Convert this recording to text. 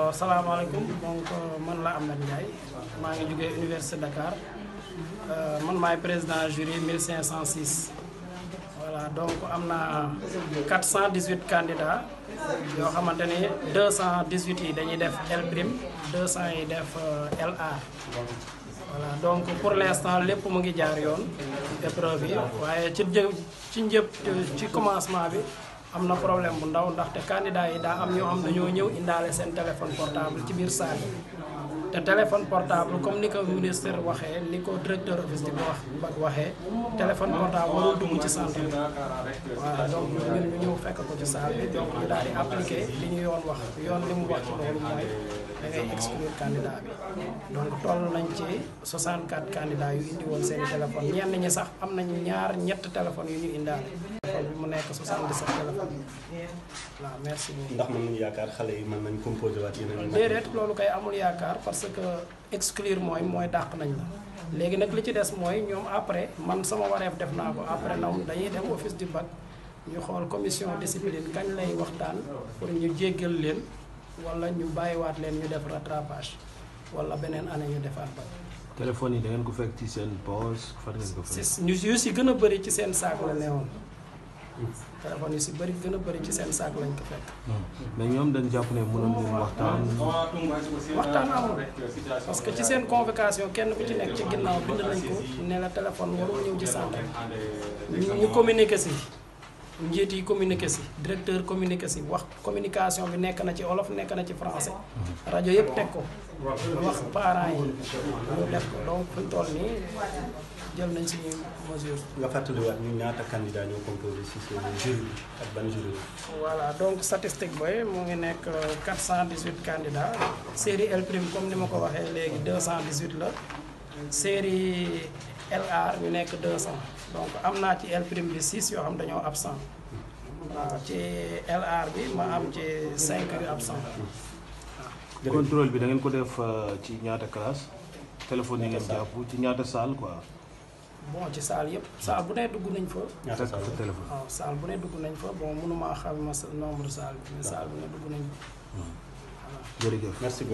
Euh, Salam alaikum, donc euh, man la Amna Ndiaye suis de l'Université de Dakar euh, man maay président jury 1506 voilà donc on a 418 candidats 218 qui dañuy def L prime 200 ont def LA. voilà donc pour l'instant les lépp mu ngi jaar yoon épreuve yi waaye commencement amna problème bu ndaw ndax ndaxte candidat yi da am ñu am dañu ñëw indalé sen téléphone portable ci bir salle te téléphone portable comme ni ko ministre waxé ni ko directeur office di wax ba waxé téléphone portable waru dugg ci salle bi donc ñun ñu ñëw fekk ko ci salle bi donc ñu di appliqué li ñu yoon wax yoon limu wax ci loolu moy da ngay exclure candidat bi donc tollu nañ ci 64 candidat yu indi won sen téléphone ñen ñi sax am nañu ñaar ñett téléphone yu ñu indalé téléphone bi mu nekk 77 téléphone bi waaw merci beaucoup. ndax mën nañu yaakaar xale yi mën nañu composé waat yeneen. déedéet loolu koy amul yaakaar parce que exclure mooy mooy dàq nañu la. léegi nag li ci des mooy ñoom après man sama wareef def naa ko après ñoom dañuy dem office di bac ñu xool commission discipline kañ lay waxtaan pour ñu jéggal leen wala ñu bàyyiwaat leen ñu def rattrapage wala beneen année ñu defaat bac. téléphone yi da ngeen ko fekk ci seen poche fan ngeen ko fekk. si ñu si gën a bëri ci seen saako la newoon. téléphone yi si bëri gën a bëri ci seen saak lañ ko fekk. mais ñoom dañ jàpp ne mënoon nañu waxtaan. waxtaan amul parce que ci seen convocation kenn ku ci nekk ci ginnaaw bind nañ ko ne la téléphone warul ñëw ci saak ñu communiqué njiit yi communiqué si directeur communiqué si wax communication bi nekk na ci olof nekk na ci français rajo yëpp teg ko wax parents yi ñu def ko donc fuñ toll nii jël nañ si mesure nga fàttaliwaat ñu ñaata candidat ñoo composé si seen jury ak ban jury voilà donc statistique booy mu ngi nekk 418 euh, candidats série L prime comme ni ma ko waxee léegi cent 218 la série LR ñu nekk 200 donc am naa ci L prime bi 6 yoo xam dañoo absent waaw ci LR bi ma am ci 5 yu absent waaw. contrôle bi da ngeen ko def euh, ci ñaata classe. téléphone yi ngeen jàpp ci ñaata salle quoi. bon ci salle yëpp saal bu ne dugg nañ fa. ñaata saal téléphone waaw saal bu ne dugg nañ fa bon mënuma xam ma nombre salle bi mais saal bu ne dugg nañ hmm. jërëjëf merci beaucoup.